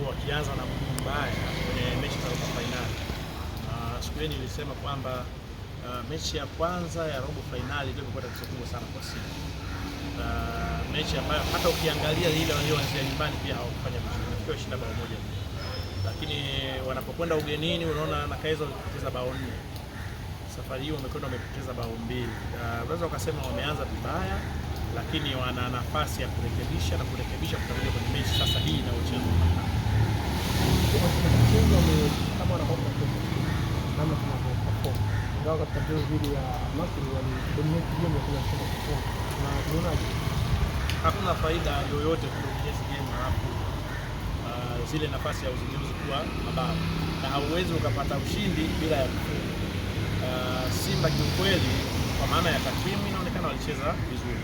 walikuwa wakianza na mguu mbaya kwenye mechi za robo fainali, na siku hiyo nilisema kwamba uh, mechi ya kwanza ya robo fainali ndio ilikuwa tatizo kubwa sana kwa Simba, uh, mechi ambayo hata ukiangalia ile walioanzia nyumbani pia hawakufanya vizuri, kwa shinda bao moja, lakini wanapokwenda ugenini unaona na kaizo walipoteza bao nne, safari hii wamekwenda wamepoteza bao mbili. Uh, unaweza ukasema wameanza vibaya lakini wana nafasi ya kurekebisha na kurekebisha kutokana kwenye mechi sasa hii inayochezwa hakuna faida yoyote kuonyesha game uh, zile nafasi ya uzinduzi kuwa mabao na hauwezi ukapata ushindi bila ya kufunga. Uh, Simba kiukweli, kwa maana ya takwimu, inaonekana walicheza vizuri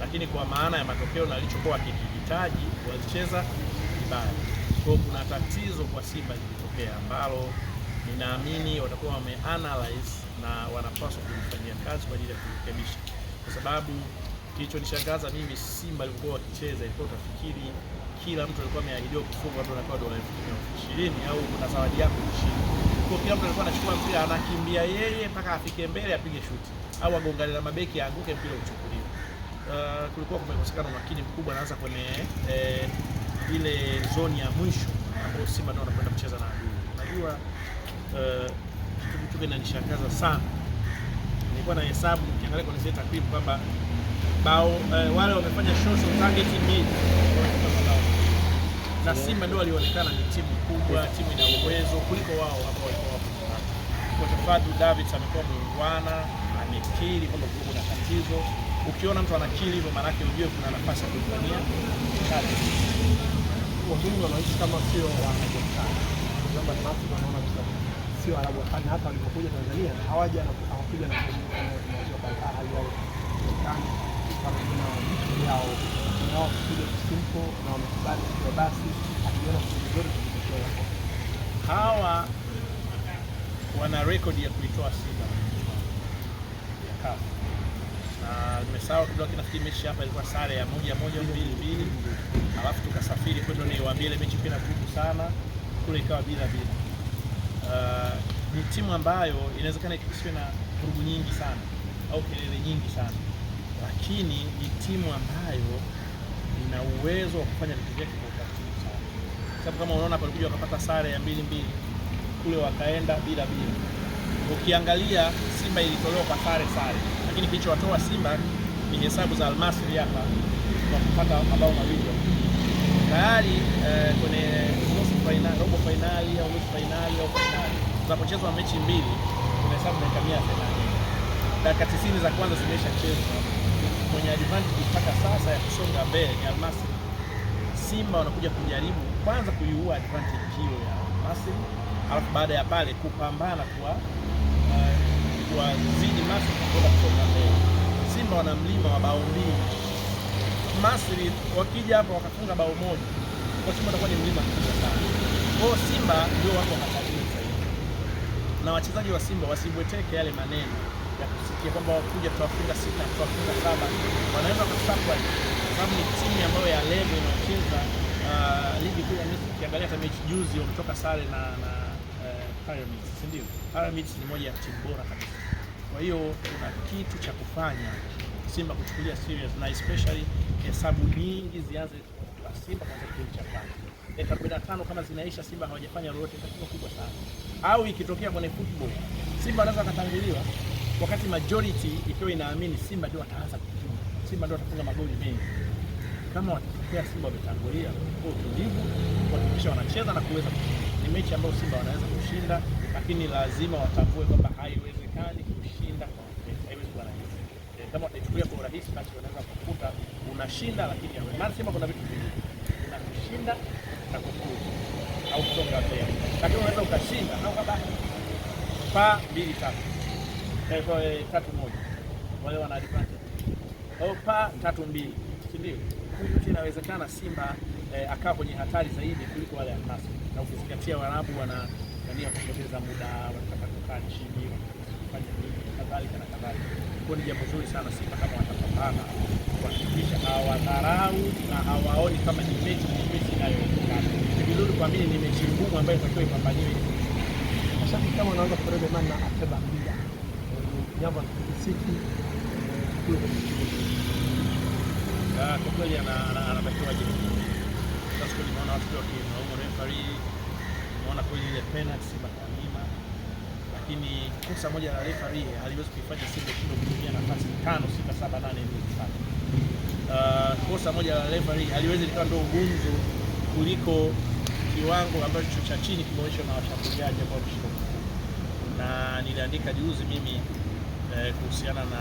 lakini kwa maana ya matokeo na alichokuwa akikihitaji walicheza vibaya. Kwa hiyo kuna tatizo kwa Simba lilitokea ambalo ninaamini watakuwa wameanalyze na wanapaswa kulifanyia kazi kwa ajili ya kurekebisha, kwa sababu kilichonishangaza mimi Simba alikuwa wakicheza, ilikuwa utafikiri kila mtu alikuwa ameahidiwa kufunga watu anapewa dola elfu ishirini au kuna zawadi yako ishirini. Kwa kila mtu alikuwa anachukua mpira anakimbia yeye mpaka afike mbele apige shuti au agongane na mabeki aanguke mpira uchukuliwe uh, kulikuwa kumekosekana umakini mkubwa, naanza kwenye eh, ile zoni ya mwisho ambayo Simba ndio wanakwenda kucheza na adui. Unajua uh, eh, kitu kitu kinanishangaza sana, nilikuwa na hesabu nikiangalia kwenye zile takwimu kwamba bao uh, wale wamefanya shots on target mbili na Simba ndio walionekana ni timu kubwa, timu ina uwezo kuliko wao ambao walikuwa wapo. Kwa sababu David amekuwa mwana kukiri kwamba kulikuwa kuna tatizo. Ukiona mtu anakiri hivyo, maana yake ujue kuna nafasi ya kufanyia kazi. Wazungu wanaishi kama sio Waanglikana, kwamba ni watu wanaona sio Arabu wakani. Hata walipokuja Tanzania hawaja na hawakuja na kuzungumza mawazo kadhaa hali yao Marekani pamoja na vitu vyao nao kuja kusimpo na wamekubali kwa basi akiona kitu kizuri kutokea hawa wana rekodi ya kuitoa Simba CAF na nimesahau kidogo, nafikiri mechi hapa ilikuwa sare ya moja moja mbili mbili, alafu tukasafiri kwenda ni ile mechi pia kugumu sana kule, ikawa bila bila. Uh, ni timu ambayo inawezekana isiwe na vurugu nyingi sana au kelele nyingi sana, lakini ni timu ambayo ina uwezo wa kufanya vitu vyake kwa utaratibu sana, sababu kama unaona hapa walikuja wakapata sare ya mbili mbili, kule wakaenda bila bila. Ukiangalia Simba ilitolewa kwa sare sare, lakini kilichowatoa Simba ni hesabu za Almasri hapa kwa kupata mabao mawili tayari eh, kwenye nusu fainali, robo fainali au nusu fainali au fainali tunapochezwa mechi mbili, kuna hesabu dakika mia themanini dakika tisini za kwanza zimesha chezwa kwenye advantage mpaka sasa ya kusonga mbele ni Almasri. Simba wanakuja kujaribu kwanza kuiua advantage hiyo ya Almasri, alafu baada ya pale kupambana kwa kuwazidi Masri kutoka kusonga mbele. Simba wana mlima wa bao mbili. Masri wakija hapa wakafunga bao moja, kwa Simba atakuwa ni mlima mkubwa sana. Kwao Simba ndio wako hatarini zaidi, na wachezaji wa Simba wasibweteke yale maneno ya kusikia kwamba wakuja tutawafunga sita, tutawafunga saba. Wanaweza kusakwa sababu ni timu ambayo ya level inayocheza uh, ah, ligi kuu ya Misri. Ukiangalia hata mechi juzi wametoka sare na, na Pyramids, si ndio? Hayo Pyramids ni moja ya timu bora kabisa. Kwa hiyo kuna kitu cha kufanya Simba kuchukulia serious na especially hesabu eh, nyingi zianze kwa Simba kwanza kipindi cha kwanza. Dakika eh, tano kama zinaisha Simba hawajafanya lolote tatizo kubwa sana. Au ikitokea kwenye football Simba anaweza akatanguliwa wakati majority ikiwa inaamini Simba ndio wataanza kufunga. Simba ndio watafunga magoli mengi. Kama watatokea Simba wametangulia, kwa utulivu kuhakikisha wanacheza na kuweza kushinda. Ni mechi ambayo Simba wanaweza kushinda, lakini lazima watambue kwamba haiwezekani kushinda kwa haiwezi rahisi. E, kama wataichukulia kwa urahisi, basi wanaweza kukuta unashinda, lakini maana sema kuna vitu vingi kushinda na kufuzu au kusonga mbele, lakini unaweza ukashinda au kama pa mbili tatu eh, eh, tatu moja wale pa tatu mbili, si ndio? Huyu inawezekana Simba eh, akawa kwenye hatari zaidi kuliko wale na ukizingatia Waarabu wana Tanzania wakapoteza muda, wanataka kukaa chini, kufanya nini kadhalika na kadhalika. Kwa ni jambo zuri sana, Simba kama watapambana kuhakikisha hawadharau na hawaoni kama ni mechi ni mechi inayoendekana. Ni vizuri kuamini ni mechi ngumu ambayo inatakiwa ipambaniwe. Mashabiki kama wanaanza kurebe maana ateba mbia jambo la ah, kwa kweli anatakiwa je? Sasa kuna watu wakiwa referee na kweli ile penalty Simba kanyima, lakini kosa moja la referee haliwezi kuifanya Simba kushindwa kutumia nafasi tano sita saba nane zilizopata. Uh, kosa moja la referee haliwezi likawa ndio gumzo kuliko kiwango ambacho cha chini kimeonyeshwa na washambuliaji ambao wameshika na niliandika juzi mimi eh, kuhusiana na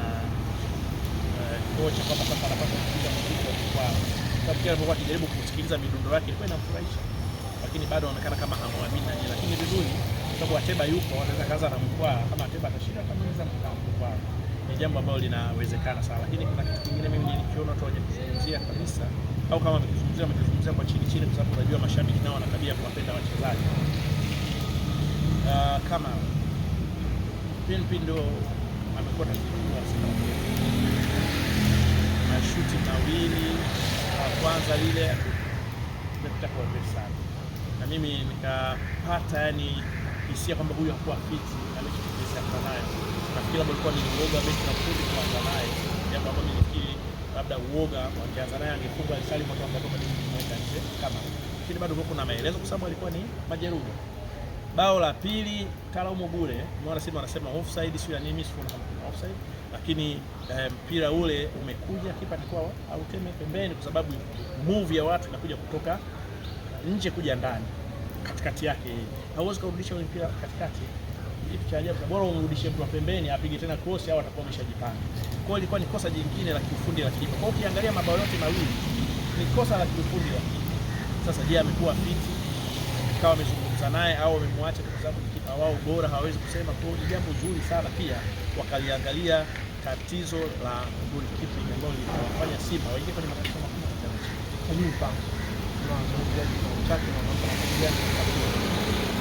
eh, kocha kwamba sasa anapata kusikiliza muziki kwa sababu kila alipokuwa akijaribu kusikiliza midundo yake ilikuwa inamfurahisha lakini bado anaonekana kama hamwamini nani, lakini vizuri, sababu Ateba yupo, anaweza kaanza na mkwaa. Kama Ateba atashinda kamaweza na mkwaa, ni jambo ambalo linawezekana sana. Lakini kuna kitu kingine mimi nilikiona watu kuzungumzia kabisa, au kama wamekizungumzia wamekizungumzia kwa chini chini, kwa sababu unajua mashabiki nao wana tabia kuwapenda wachezaji uh, kama Pinpin ndo amekuwa nakiua sana shuti mawili kwanza lile amepita kwa mbele sana na mimi nikapata yani hisia kwamba huyu hakuwa fiti alichokuwa nayo. Nafikiri labda ilikuwa ni uoga mechi na kundi kuanza naye, jambo ambalo nilifikiri labda uoga wangeanza naye angefunga alisali kwa sababu alikuwa bado kumweka nje kama lakini bado kuna maelezo kwa sababu alikuwa ni majeruhi. Bao la pili kalaumu bure, mwana Simba wanasema offside, sio ya nini, sio na offside, lakini eh, mpira um, ule umekuja kipa alikuwa au teme pembeni, kwa sababu move ya watu inakuja kutoka nje kuja ndani katikati yake, hauwezi kurudisha ule mpira katikati. Kitu cha ajabu, bora umrudishe mtu pembeni apige tena cross, au atakuwa ameshajipanga. Kwa hiyo ilikuwa ni kosa jingine la kiufundi la kipa. Kwa hiyo ukiangalia mabao yote mawili ni kosa la kiufundi la kipa. Sasa je, amekuwa fiti kama amezungumza naye au amemwacha? Kwa sababu ni kipa wao bora hawezi kusema. Kwa hiyo jambo zuri sana pia wakaliangalia tatizo la goalkeeping ambalo lilifanya Simba waingie kwenye matatizo makubwa katika mechi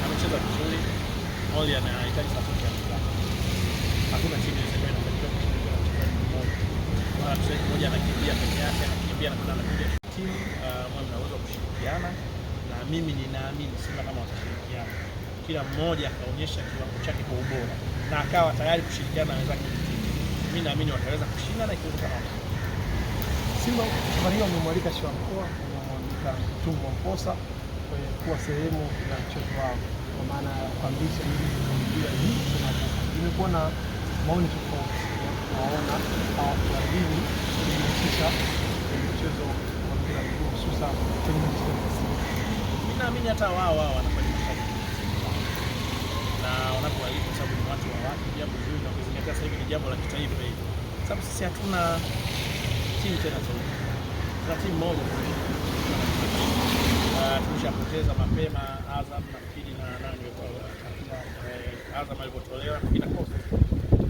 amecheza vizuri, anahitaji hakuna chini mmoja anakimbia peke yake, anakimbia na anapiga timu ambayo mnaweza kushirikiana, na mimi ninaamini Simba kama watashirikiana, kila mmoja akaonyesha kiwango chake kwa ubora na akawa tayari kushirikiana na wenzake, mimi naamini wataweza kushinda na ikiwezekana Simba. Kwa hiyo amemwalika Shua mkoa katika mtumwa mposa eh, kuwa sehemu ya mchezo wao, kwa maana ya kuambisha ili kuingia hii. Imekuwa na maoni tofauti ya kuwaona hawa watu wawili kujihusisha kwenye eh, mchezo wa mpira wa miguu, hususa kwenye mchezo wa tenisi. Mimi naamini hata wao wao wanafanya na kwa sababu ni watu wa watu, jambo zuri na kuzingatia. Sasa hivi ni jambo la kitaifa hili, sababu sisi hatuna timu tena Ah, za timu mapema Azam nafikiri na nani eh, Azam alivyotolewa na kosa,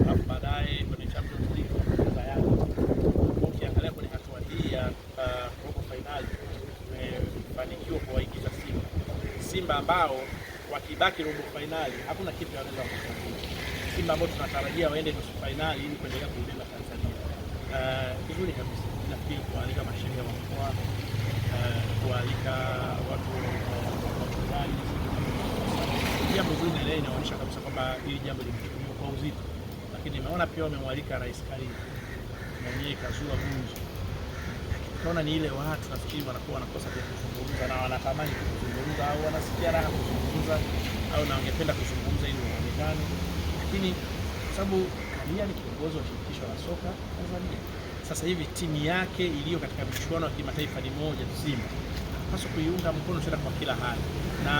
alafu baadaye kwenye Champions League tukacheza Yanga. Ukiangalia kwenye hatua hii ya ah, robo finali tumefanikiwa eh, kuwaingiza Simba, Simba ambao wakibaki robo fainali hakuna kitu wanaweza kufanya. Simba ambao tunatarajia waende nusu fainali ili kuendelea kuilinda Tanzania ah, vizuri kabisa muziki, kualika masheria wa eh, kualika watu wachungaji, jambo zuri na leo inaonyesha kabisa kwamba hili jambo limechukuliwa kwa uzito, lakini nimeona pia wamemwalika Rais Karim mwenyewe ikazua gumzo. Tunaona ni ile watu nafikiri wanakuwa wanakosa vya kuzungumza na wanatamani kuzungumza au wanasikia raha kuzungumza au na wangependa kuzungumza ili waonekane, lakini sababu Karia ni kiongozi wa shirikisho la soka Tanzania sasa hivi timu yake iliyo katika michuano ya kimataifa ni moja Simba, tunapaswa kuiunga mkono tena kwa kila hali, na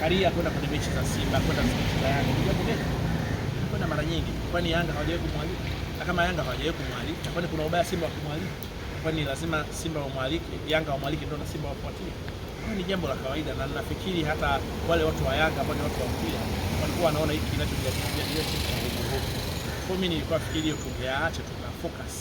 Karia kwenda kwenye mechi za Simba, kwenda za Yanga, ni jambo gani kwenda mara nyingi, kwani Yanga hawajawahi kumwalika? Na kama Yanga hawajawahi kumwalika, kwani kuna ubaya Simba wakimwalika? Kwani lazima Simba wamwalike, Yanga wamwalike ndio na Simba wafuatie? Ni jambo la kawaida, na nafikiri hata wale watu wa Yanga ambao ni watu wa mpira walikuwa wanaona hiki kinachojadiliwa kwa mimi nilikuwa fikiri tuka focus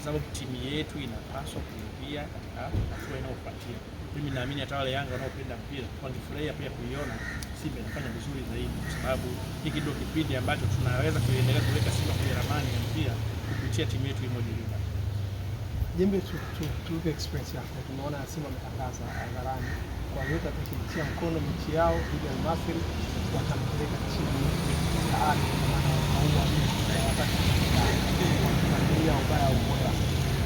kwa sababu timu yetu inapaswa kuingia katika hatua inayofuatia. Mimi naamini hata wale Yanga wanaopenda mpira wangefurahia pia kuiona Simba inafanya vizuri zaidi, kwa sababu hiki ndio kipindi ambacho tunaweza kuendelea kuweka Simba kwenye ramani ya mpira kupitia timu yetu imoja Yanga. Jembe, tu experience yako. Tumeona Simba ametangaza hadharani kwa yote atakitia mkono mechi yao dhidi ya watampeleka chini ya ardhi, maana wataua, ubaya ubora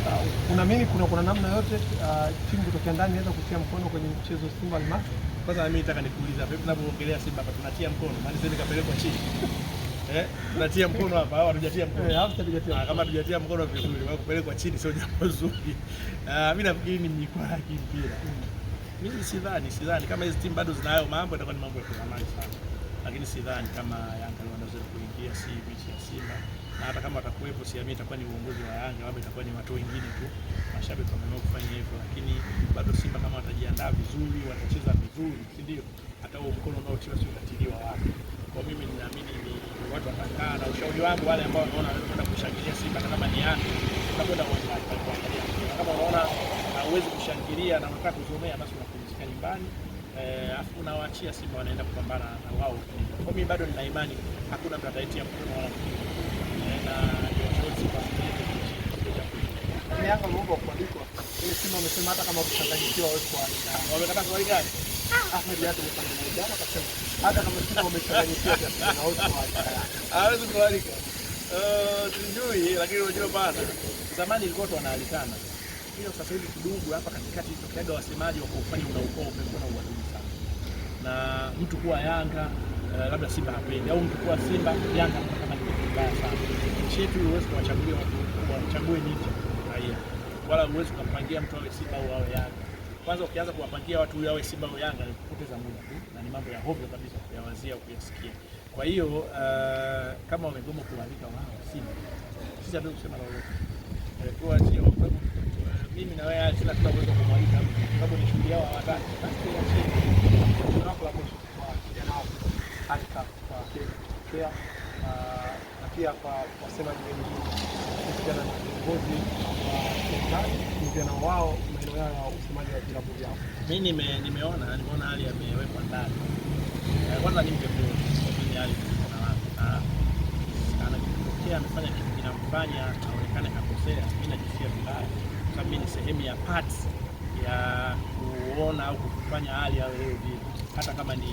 Uh, Unaamini kuna kuna namna yote uh, timu uh, kutokea ndani inaweza kutia mkono kwenye mchezo Simba Almas? Kwanza mimi nataka nikuuliza, vipi tunapoongelea Simba hapa tunatia mkono? Maana sasa nikapelekwa chini. Eh, tunatia mkono hapa au hatujatia mkono? Eh, hatujatia. Ah, kama hatujatia mkono vizuri, wao kupelekwa chini sio jambo zuri. Ah, mimi nafikiri ni mikwara ya mpira. Mimi sidhani, sidhani kama hizi timu bado zinayo mambo itakuwa ni mambo ya kizamani sana. Lakini sidhani kama Yanga wanaweza kuingia si mechi ya Simba na hata kama watakuwepo, siamini itakuwa ni uongozi wa Yanga, labda itakuwa ni watu wengine tu, mashabiki wameamua kufanya hivyo, lakini bado Simba kama watajiandaa vizuri, watacheza vizuri, si ndio? Hata huo mkono unaotiwa si utatiliwa wapi? Kwa mimi ninaamini ni watu watakaa, na ushauri wangu wale ambao wanaona wanataka kushangilia Simba hata kama ni Yanga, utakwenda uwanjani kuangalia Kama unaona hauwezi kushangilia na unataka kuzomea, basi unapumzika nyumbani Eh, afu unawaachia Simba wanaenda kupambana na wao. Kwa mimi bado nina imani hakuna mtu ataitia mkono wala hawezi kualika eh, sijui, lakini unajua bana, zamani ilikuwa watu wanaalikana, hiyo sasa hivi kidogo hapa katikati tokeaga wasemaji wa kufanya unaokope kuna uadui sana, na mtu kuwa Yanga eh, labda Simba hapendi au mtu kuwa Simba Yanga mbaya sana. Chifu huwezi kuwachague watu wamchague nini raia, wala huwezi kumpangia mtu awe Simba au awe Yanga. Kwanza ukianza kuwapangia watu awe Simba au Yanga ni kupoteza muda tu, na ni mambo ya hovyo kabisa kuyawazia kuyasikia. Kwa hiyo uh, kama wamegoma kualika wao Simba, sisi hatuwezi kusema lolote kwa ajili eh, mimi na wewe sina kila uwezo kumwalika sababu ni shughuli yao hawataki. Basi kwa la kwa kijana wao hata kwa kwa kutokea pia kwa wasemaji wengine kuhusiana na viongozi wa serikali kuhusiana wao maeneo yao ya usemaji wa vilabu vyao. Mi nime, nimeona nimeona hali yamewekwa ndani eh, kwanza nimpe lakini hali na wapi anakitokea amefanya kitu kinamfanya aonekane kakosea, mi najisikia vibaya kwa sababu mi ni sehemu ya part ya kuona au kufanya hali yawe hiyo vile, hata kama ni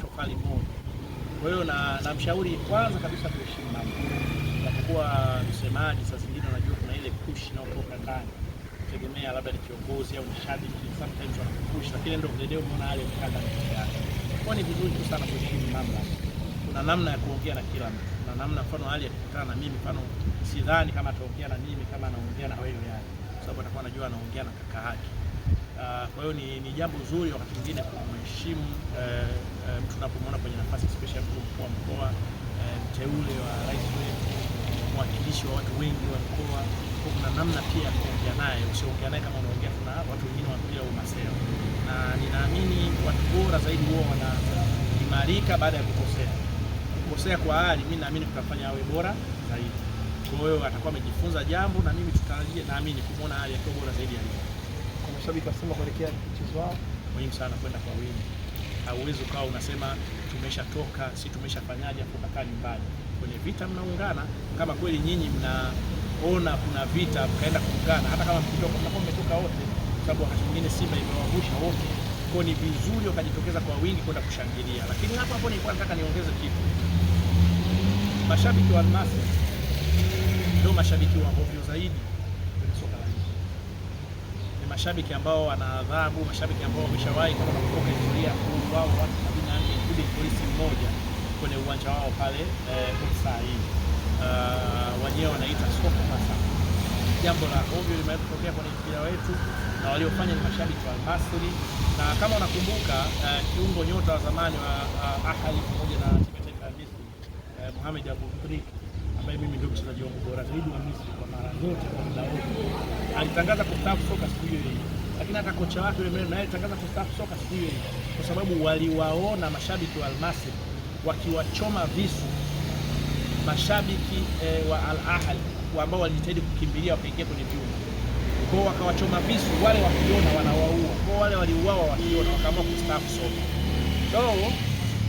tofali moja kwa hiyo na namshauri kwanza kabisa kuheshimu mama, napokuwa msemaji, saa zingine unajua kuna ile push inayotoka ndani, tegemea labda ni kiongozi au mshabiki, sometimes wanakupush, lakini ndio vile leo umeona yale mkanda yake. Kwa ni vizuri tu sana kuheshimu mamlaka. Kuna namna ya kuongea na kila mtu, kuna namna, mfano hali akikutana na mimi, mfano sidhani kama ataongea na mimi kama anaongea na wewe, yani kwa sababu atakuwa anajua anaongea na kaka yake. Eh, kwa hiyo ni, ni jambo zuri wakati mwingine kumheshimu mtu uh, eh, uh, eh, mtu unapomwona kwenye nafasi especially mkuu wa mkoa uh, mteule wa rais wetu, mwakilishi wa watu wengi wa mkoa. Kuna namna pia ya kuongea naye, usiongea naye kama unaongea. Kuna watu wengine wa wanakuja maseo, na ninaamini watu bora zaidi huwa wanaimarika baada ya kukosea. Kukosea kwa hali, mimi naamini kutafanya awe bora zaidi. Kwa hiyo atakuwa amejifunza jambo, na mimi tutarajie, naamini kumwona hali akiwa bora zaidi alivyo mashabiki wa ikasema kuelekea mchezo wao muhimu sana kwenda kwa wingi. Hauwezi ukawa unasema tumeshatoka, si tumeshafanyaje, afu ukakaa nyumbani. Kwenye vita mnaungana, kama kweli nyinyi mnaona kuna vita, mkaenda kuungana, hata kama sababu mmetoka wote, sababu wakati mwingine Simba imewagusha wote kwa ni vizuri wakajitokeza kwa wingi kwenda kushangilia. Lakini hapo hapo nilikuwa nataka niongeze kitu. Mashabiki wa Almasi ndio mashabiki wa ovyo zaidi mashabiki ambao wana adhabu, mashabiki ambao wameshawahi kama kutoka historia kuhusu wao watu 74 kule polisi mmoja kwenye uwanja wao pale eh, saa ah, hii wenyewe wanaita soko hasa. Jambo la ovyo limewahi kutokea kwenye mpira wetu na waliofanya ni mashabiki wa al na kama unakumbuka uh, kiungo nyota wa zamani wa uh, ah, Ahali pamoja na timu ya taifa ya Misri uh, Mohamed Aboutriki ambaye mimi ndio mchezaji wangu bora zaidi wa Misri kwa mara zote kwa muda wote. Alitangaza kustaafu soka siku hiyo hiyo, lakini hata kocha wake yule naye alitangaza kustaafu soka siku hiyo hiyo, kwa sababu waliwaona mashabiki wa Almasri wakiwachoma visu mashabiki eh, wa Al Ahly ambao walijitahidi kukimbilia wakaingia kwenye vyuma kwao, wakawachoma visu wale, wakiona wanawaua kwao, wale waliuawa wakiona, wakaamua kustaafu soka so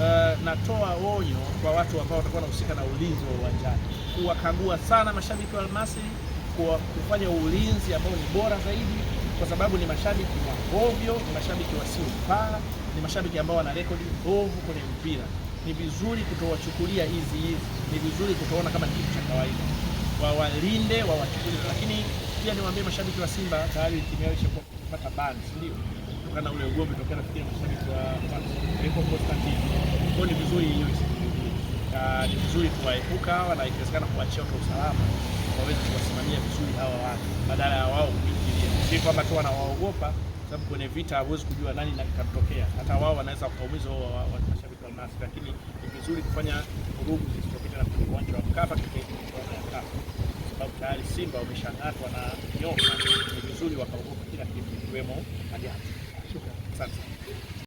Eh, natoa onyo kwa watu ambao watakuwa wanahusika na ulinzi wa uwanjani, kuwakagua sana mashabiki wa Almasry, kwa kufanya ulinzi ambao ni bora zaidi, kwa sababu ni mashabiki wa ovyo, ni mashabiki wasiofaa, ni mashabiki ambao wana rekodi mbovu kwenye mpira. Ni vizuri kutowachukulia hizi hizi, ni vizuri kutoona kama ni kitu cha kawaida, wawalinde, wawachukulie. Lakini pia niwaambie mashabiki wa Simba, tayari timu yao ishapata kupata ndio kutokana na ule ugomvi tokea nafikiri mashabiki wa Petro Constantine. Kwa ni vizuri hiyo ni vizuri tuwaepuka hawa na ikiwezekana kuachia kwa usalama waweze kuwasimamia vizuri hawa watu badala ya wao kuingilia. Si kwamba tu wanawaogopa, sababu kwenye vita hawezi kujua nani nakatokea, hata wao wanaweza wa mashabiki wa Mnasi, lakini ni vizuri kufanya vurugu zisitokee na kwenye uwanja wa Mkapa kwa sababu tayari Simba wameshang'atwa na nyoka. Ni vizuri wakaogopa kila kitu, ikiwemo hapo. Thanks.